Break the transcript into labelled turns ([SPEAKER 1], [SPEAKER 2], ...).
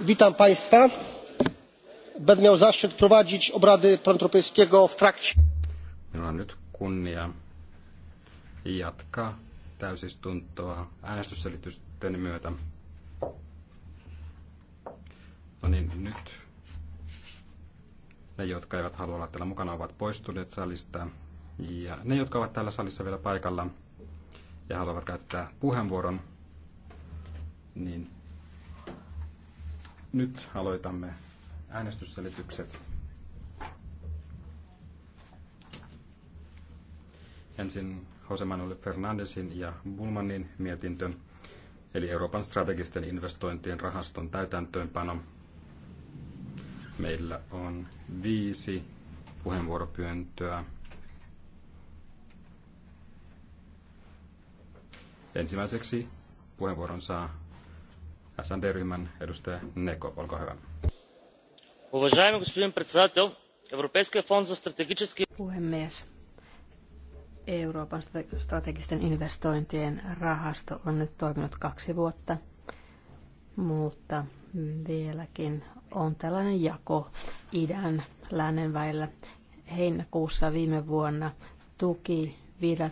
[SPEAKER 1] witam państwa. będę miał zaszczyt prowadzić obrady parlamentu europejskiego w trakcie.
[SPEAKER 2] minulla on nyt kunnia jatkaa täysistuntoa äänestysselitysten myötä. No niin, nyt ne, jotka eivät halua olla täällä mukana, ovat poistuneet salista. Ja ne, jotka ovat täällä salissa vielä paikalla ja haluavat käyttää puheenvuoron, niin nyt aloitamme äänestysselitykset. Ensin Jose Manuel Fernandesin ja Bulmanin mietintön, eli Euroopan strategisten investointien rahaston täytäntöönpano. Meillä on viisi puheenvuoropyöntöä. Ensimmäiseksi puheenvuoron saa SND-ryhmän edustaja Neko, olkaa hyvä.
[SPEAKER 3] Уважаеми господин председател, Европейския фонд за стратегически... Puhemies,
[SPEAKER 4] Euroopan strategisten investointien rahasto on nyt toiminut kaksi vuotta, mutta vieläkin on tällainen jako idän lännen välillä. Heinäkuussa viime vuonna tuki